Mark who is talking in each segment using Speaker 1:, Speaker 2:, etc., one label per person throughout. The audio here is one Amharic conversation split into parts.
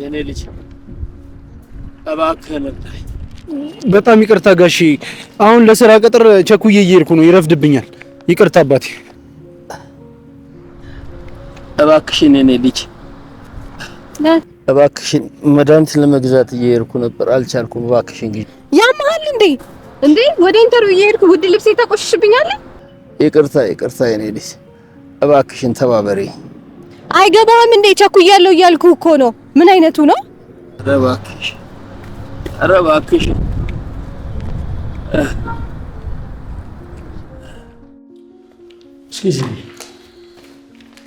Speaker 1: የኔ ልጅ እባክህን እርዳኝ።
Speaker 2: በጣም ይቅርታ ጋሼ፣ አሁን ለስራ ቅጥር ቸኩዬ እየሄድኩ ነው፣ ይረፍድብኛል። ይቅርታ አባቴ።
Speaker 1: እባክሽን የኔ ልጅ እባክሽን፣ መድኃኒት ለመግዛት እየሄድኩ ነበር፣ አልቻልኩም። እባክሽን ግን
Speaker 3: ያማል እንዴ! እንዴ ወደ ኢንተርቪው እየሄድኩ ውድ ልብስ ተቆሽሽብኛል።
Speaker 1: ይቅርታ ይቅርታ፣ የኔ ልጅ እባክሽን ተባበሪ።
Speaker 3: አይገባህም እንዴ ቸኩያለሁ እያልኩ እኮ ነው ምን አይነቱ ነው?
Speaker 1: ኧረ እባክሽ፣ ኧረ እባክሽ።
Speaker 2: እስኪ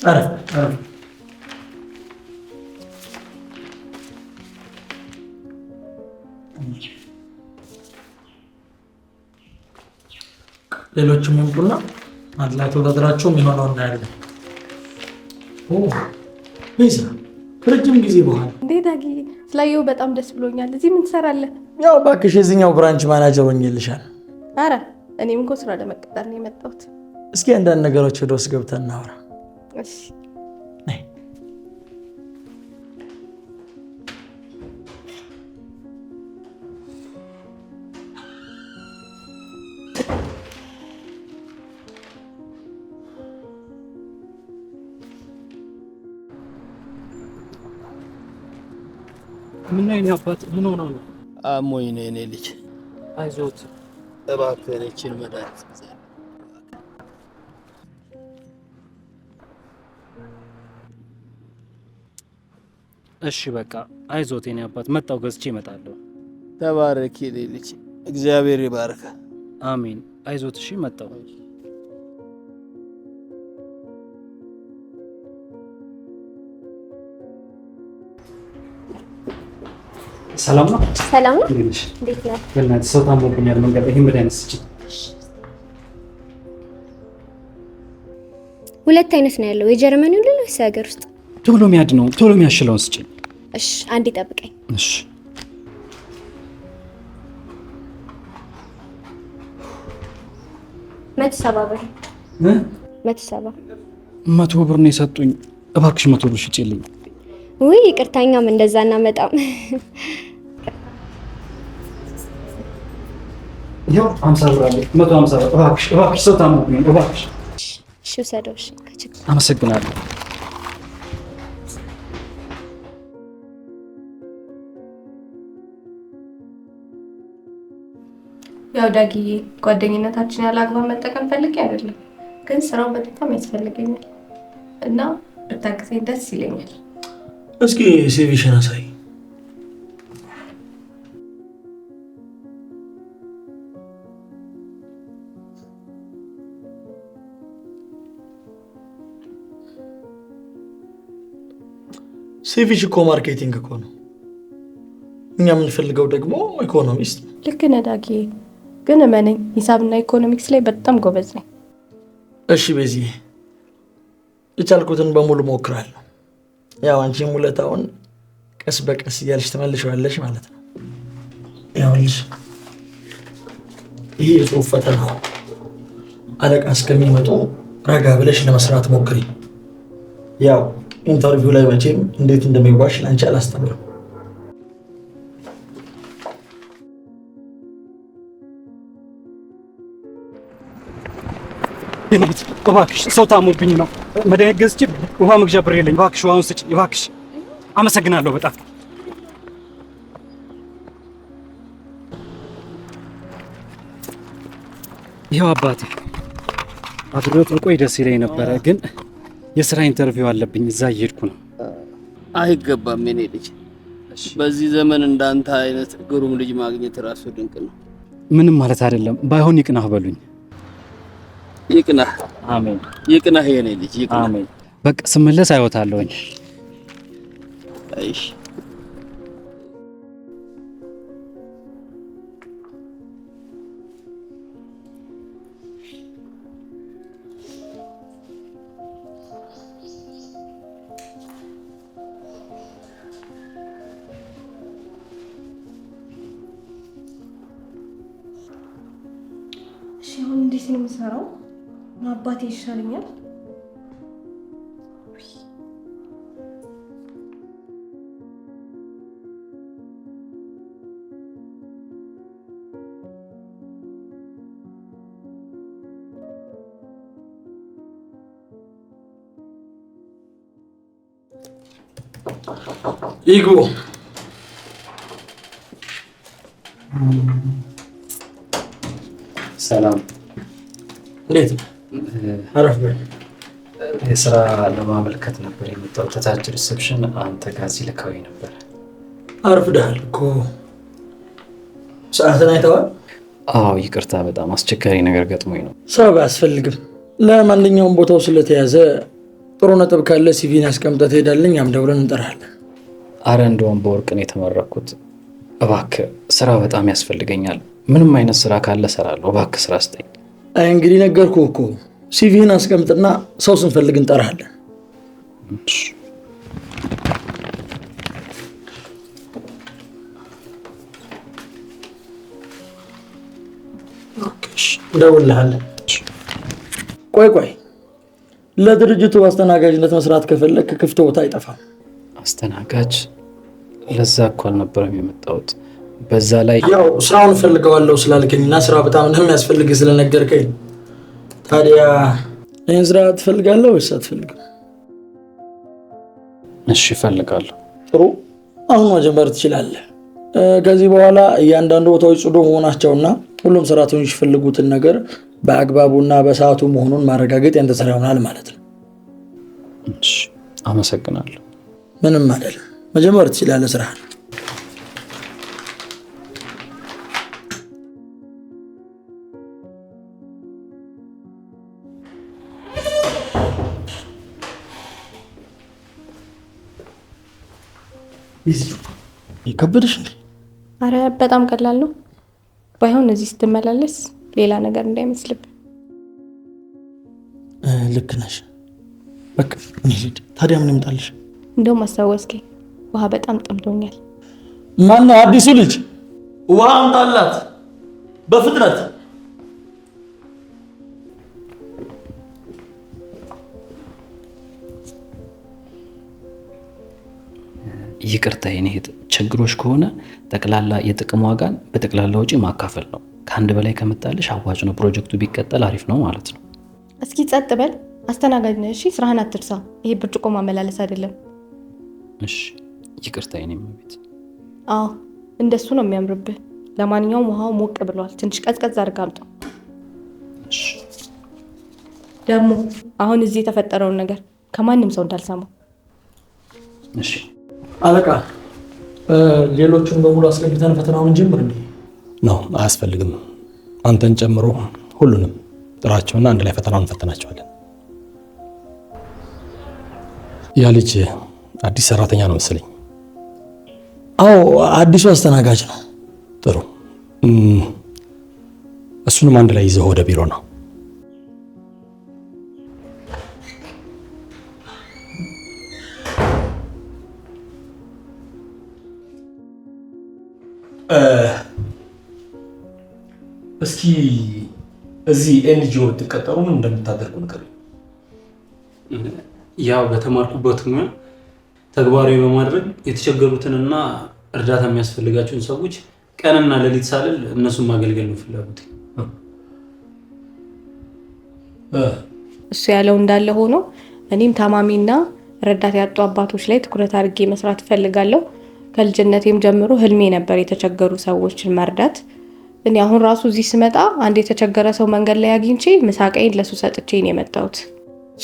Speaker 2: ኧረ ኧረ ሌሎችም ይምጡና አንድ ላይ ተወዳድራችሁም የሆነውን እናያለን። ቤዛ ከረጅም ጊዜ በኋላ
Speaker 3: እንዴት ዳጊ ስላየው በጣም ደስ ብሎኛል። እዚህ ምን ትሰራለህ?
Speaker 2: ያው እባክሽ የዚኛው ብራንች ማናጀር ሆኜልሻል።
Speaker 3: አረ እኔም እኮ ስራ ለመቀጠር ነው የመጣሁት።
Speaker 2: እስኪ አንዳንድ ነገሮች ወደ ውስጥ ገብተን እናውራ። እሺ ምን ነው አባት፣ ምን ሆነው ነው?
Speaker 1: አሞኝ ነው የኔ ልጅ። አይዞት እባክህ እችን መድኃኒት
Speaker 2: እሺ በቃ አይዞት የኔ አባት፣ መጣው ገዝቼ እመጣለሁ።
Speaker 1: ተባረክ የኔ ልጅ፣ እግዚአብሔር ይባርከ።
Speaker 2: አሜን። አይዞት እሺ፣ መጣው ሰላም ነው።
Speaker 3: ሰላም ነው። እንዴት ነው?
Speaker 2: በእናትህ ሰው ታሞብኛል መንገድ ላይ ይሄን መድኃኒት ስጭ።
Speaker 3: ሁለት አይነት ነው ያለው፣ የጀርመን ሁሉ ነው የሀገር ውስጥ?
Speaker 2: ቶሎ ሚያድ ነው ቶሎ ሚያሽለውን ስጭ።
Speaker 3: እሺ አንድ ጠብቀኝ። እሺ መቶ ሰባ ብር መቶ ሰባ
Speaker 2: መቶ ብር ነው የሰጡኝ። እባክሽ መቶ ብር ሽጪልኝ።
Speaker 3: ውይ ይቅርታኛም እንደዛ እናመጣም
Speaker 2: ይኸው አምሳ ብር አለ። መቶ አምሳ ብር እባክሽ፣ እባክሽ ሰው ታሞብኝ እባክሽ።
Speaker 3: እሺ ውሰደው። እሺ ከችግር አመሰግናለሁ። ያው ጓደኝነታችን ያለ አግባብ መጠቀም ፈልጌ አይደለም፣ ግን ስራው በጣም ያስፈልገኛል እና ብታግዘኝ ደስ ይለኛል።
Speaker 2: እስኪ አሳይ ሴቪጅ እኮ ማርኬቲንግ እኮ ነው። እኛ የምንፈልገው ደግሞ ኢኮኖሚስት።
Speaker 3: ልክ ነህ ግን እመነኝ ሂሳብና ኢኮኖሚክስ ላይ በጣም ጎበዝ ነኝ።
Speaker 2: እሺ ቤዚ፣ የቻልኩትን በሙሉ ሞክራለሁ። ያው አንቺም ውለታውን ቀስ በቀስ እያልሽ ትመልሸዋለሽ ማለት ነው። ያውልሽ ይህ የጽሁፍ ፈተና አለቃ እስከሚመጡ ረጋ ብለሽ ለመስራት ሞክሪ። ያው ኢንተርቪው ላይ መቼም እንዴት እንደሚዋሽ ላንቺ አላስተምርም። ቤት እባክሽ፣ ሰው ታሞብኝ ነው መድኃኒት ገዝቼ ውሃ መግዣ ብር የለኝ። እባክሽ ውሃውን ስጭ። እባክሽ። አመሰግናለሁ በጣም ይኸው አባቴ አብሮት እንቆይ ደስ ይለኝ ነበረ ግን የስራ ኢንተርቪው አለብኝ፣ እዛ እየሄድኩ ነው።
Speaker 1: አይገባም የኔ ልጅ። በዚህ ዘመን እንዳንተ አይነት ግሩም ልጅ ማግኘት ራሱ ድንቅ ነው።
Speaker 2: ምንም ማለት አይደለም። ባይሆን ይቅናህ በሉኝ። ይቅናህ። አሜን።
Speaker 1: ይቅናህ የኔ ልጅ።
Speaker 2: ይቅናህ። በቃ ስመለስ አይወታለሁኝ።
Speaker 1: እሺ
Speaker 3: እንዴት ነው የምሰራው? አባቴ ይሻለኛል።
Speaker 2: ይግቡ። ሰላም እንዴት አረፍ በል።
Speaker 4: የስራ ለማመልከት ነበር የመጣው። ተታች ሪሴፕሽን አንተ ጋዚ ልካዊ ነበር።
Speaker 2: አርፍደሃል እኮ ሰዓትን አይተዋል።
Speaker 4: አዎ ይቅርታ፣ በጣም አስቸጋሪ ነገር ገጥሞኝ ነው።
Speaker 2: ሰብ አያስፈልግም። ለማንኛውም ቦታው ስለተያዘ ጥሩ ነጥብ ካለ ሲቪን አስቀምጠህ ትሄዳለኝ፣ ያም ደውለን እንጠራለን።
Speaker 4: አረ እንደውም በወርቅ ነው የተመረኩት። እባክ ስራ በጣም ያስፈልገኛል። ምንም አይነት ስራ ካለ ሰራለሁ። እባክ ስራ ስጠኝ።
Speaker 2: እንግዲህ ነገርኩ እኮ ሲቪህን አስቀምጥና ሰው ስንፈልግ እንጠራለን። እደውልልሃለሁ። ቆይ ቆይ፣ ለድርጅቱ አስተናጋጅነት መስራት ከፈለግ ክፍት ቦታ አይጠፋም።
Speaker 4: አስተናጋጅ? ለዛ እኮ አልነበረም የመጣሁት በዛ ላይ
Speaker 2: ያው ስራውን ፈልገዋለሁ ስላልከኝ እና ስራ በጣም እንደሚያስፈልግ ስለነገርከኝ፣ ታዲያ ይህን ስራ ትፈልጋለህ ወይስ አትፈልግም?
Speaker 4: እሺ እፈልጋለሁ።
Speaker 2: ጥሩ፣ አሁን መጀመር ትችላለህ። ከዚህ በኋላ እያንዳንዱ ቦታዎች ጽዱ መሆናቸውና ሁሉም ሰራተኞች የፈልጉትን ነገር በአግባቡና በሰዓቱ መሆኑን ማረጋገጥ ያንተ ስራ ይሆናል ማለት ነው።
Speaker 4: አመሰግናለሁ።
Speaker 2: ምንም አይደለም። መጀመር ትችላለህ ስራህን ይከብድሽ እንዴ?
Speaker 3: አረ በጣም ቀላል ነው። ባይሆን እዚህ ስትመላለስ ሌላ ነገር እንዳይመስልብ።
Speaker 2: ልክ ነሽ። በቃ ታዲያ ምን ይምጣልሽ?
Speaker 3: እንደውም አስታወስከኝ፣ ውሃ በጣም ጠምቶኛል።
Speaker 2: ማነው አዲሱ ልጅ? ውሃ አምጣላት በፍጥነት
Speaker 4: ይቅርታ የኔ ችግሮች ከሆነ ጠቅላላ የጥቅም ዋጋን በጠቅላላ ውጪ ማካፈል ነው። ከአንድ በላይ ከመጣልሽ አዋጭ ነው። ፕሮጀክቱ ቢቀጠል አሪፍ ነው ማለት ነው።
Speaker 3: እስኪ ጸጥ በል አስተናጋጅ ነህ። እሺ ስራህን አትርሳ። ይሄ ብርጭቆ ማመላለስ አይደለም።
Speaker 4: እሺ ይቅርታ የኔ ቤት።
Speaker 3: አዎ እንደሱ ነው የሚያምርብህ። ለማንኛውም ውሃው ሞቅ ብሏል። ትንሽ ቀዝቀዝ አድርጋ አምጣው። ደግሞ አሁን እዚህ የተፈጠረውን ነገር ከማንም ሰው እንዳልሰማው
Speaker 2: እሺ አለቃ ሌሎቹን በሙሉ አስገብተን ፈተናውን ጀምር። እንዴ?
Speaker 4: ነው አያስፈልግም። አንተን ጨምሮ ሁሉንም ጥራቸውና አንድ ላይ ፈተናውን እንፈተናቸዋለን። ያ ልጅ አዲስ ሰራተኛ ነው መሰለኝ።
Speaker 2: አዎ አዲሱ አስተናጋጅ ነው።
Speaker 4: ጥሩ። እሱንም አንድ ላይ ይዘው ወደ ቢሮ ነው
Speaker 2: እስኪ እዚህ ኤንጂ ብትቀጠሩ ምን እንደምታደርጉ ነገር
Speaker 4: ያው በተማርኩበት ሙያ ተግባራዊ በማድረግ የተቸገሩትንና እርዳታ የሚያስፈልጋቸውን ሰዎች ቀንና ሌሊት ሳልል እነሱን ማገልገል ነው ፍላጎት።
Speaker 3: እሱ ያለው እንዳለ ሆኖ እኔም ታማሚና ረዳት ያጡ አባቶች ላይ ትኩረት አድርጌ መስራት እፈልጋለሁ። ከልጅነቴም ጀምሮ ህልሜ ነበር የተቸገሩ ሰዎችን መርዳት። እኔ አሁን ራሱ እዚህ ስመጣ አንድ የተቸገረ ሰው መንገድ ላይ አግኝቼ ምሳቀይን ለሱ ሰጥቼ ነው የመጣሁት።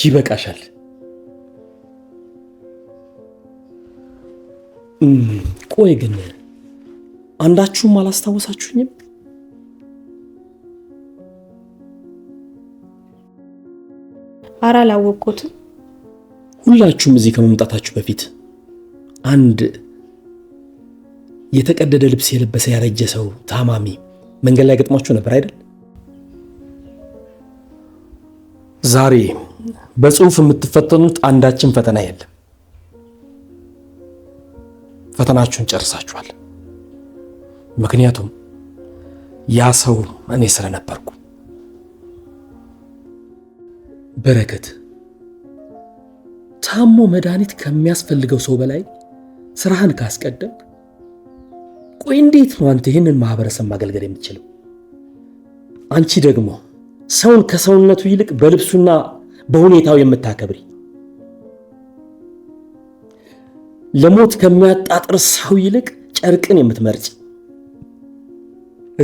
Speaker 2: ይበቃሻል። ቆይ ግን አንዳችሁም አላስታወሳችሁኝም?
Speaker 3: አራ አላወቅኩትም።
Speaker 4: ሁላችሁም እዚህ ከመምጣታችሁ በፊት አንድ የተቀደደ ልብስ የለበሰ ያረጀ ሰው ታማሚ መንገድ ላይ ገጥሟችሁ ነበር አይደል?
Speaker 2: ዛሬ በጽሁፍ የምትፈተኑት አንዳችን ፈተና የለም። ፈተናችሁን ጨርሳችኋል። ምክንያቱም ያ ሰው እኔ ስለነበርኩ። በረከት ታሞ መድኃኒት ከሚያስፈልገው ሰው በላይ ስራህን ካስቀደም ቆይ እንዴት ነው አንተ ይህንን ማህበረሰብ ማገልገል የምትችለው? አንቺ ደግሞ ሰውን ከሰውነቱ ይልቅ በልብሱና በሁኔታው የምታከብሪ ለሞት ከሚያጣጥር ሰው ይልቅ ጨርቅን የምትመርጭ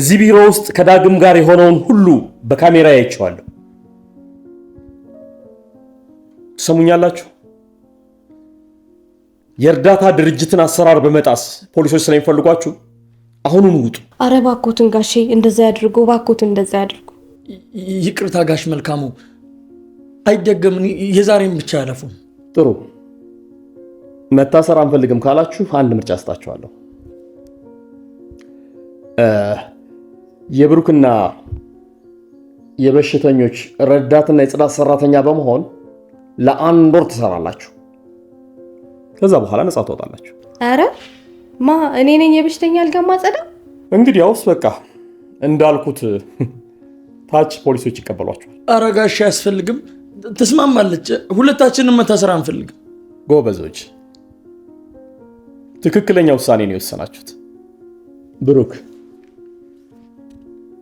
Speaker 2: እዚህ ቢሮ ውስጥ ከዳግም ጋር የሆነውን ሁሉ በካሜራ ያይቼዋለሁ። ትሰሙኛላችሁ? የእርዳታ ድርጅትን አሰራር በመጣስ ፖሊሶች ስለሚፈልጓችሁ አሁኑን ውጡ።
Speaker 3: አረ ባኮትን ጋሼ እንደዛ ያድርጎ፣ ባኮትን እንደዛ ያድርጎ።
Speaker 2: ይቅርታ ጋሽ መልካሙ፣ አይደገምን። የዛሬም ብቻ ያለፉም።
Speaker 4: ጥሩ መታሰር አንፈልግም ካላችሁ አንድ ምርጫ ስጣችኋለሁ። የብሩክና የበሽተኞች ረዳትና የጽዳት ሰራተኛ በመሆን ለአንድ ወር ትሰራላችሁ። ከዛ በኋላ ነጻ ትወጣላችሁ።
Speaker 3: ማ እኔ ነኝ የበሽተኛ አልጋ ማጸዳ?
Speaker 4: እንግዲህ አውስ በቃ እንዳልኩት ታች ፖሊሶች ይቀበሏቸዋል።
Speaker 2: ኧረ ጋሽ አያስፈልግም፣ ትስማማለች። ሁለታችንም መታሰር አንፈልግም።
Speaker 4: ጎበዞች፣ ትክክለኛ ውሳኔ ነው የወሰናችሁት። ብሩክ፣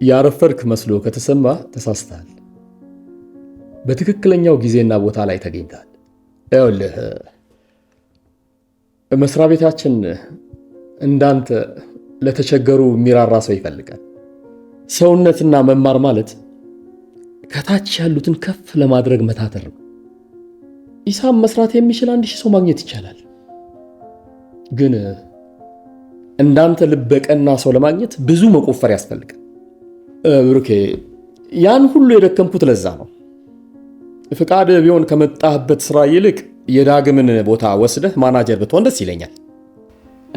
Speaker 4: ያረፈድክ መስሎ ከተሰማ ተሳስተሃል። በትክክለኛው ጊዜና ቦታ ላይ ተገኝታል። ይኸውልህ መስሪያ ቤታችን እንዳንተ ለተቸገሩ የሚራራ ሰው ይፈልጋል። ሰውነትና መማር ማለት ከታች ያሉትን ከፍ ለማድረግ መታተር ነው። ሂሳብ መስራት የሚችል አንድ ሺህ ሰው ማግኘት ይቻላል። ግን እንዳንተ ልበቀና ሰው ለማግኘት ብዙ መቆፈር ያስፈልጋል። ብሩኬ፣ ያን ሁሉ የደከምኩት ለዛ ነው። ፍቃድ ቢሆን ከመጣህበት ስራ ይልቅ የዳግምን ቦታ ወስደህ ማናጀር ብትሆን ደስ ይለኛል።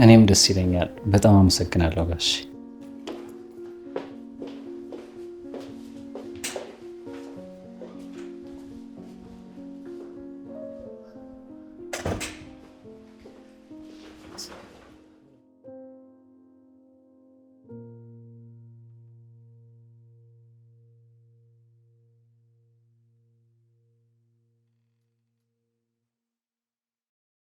Speaker 4: እኔም ደስ ይለኛል። በጣም አመሰግናለሁ ጋሽ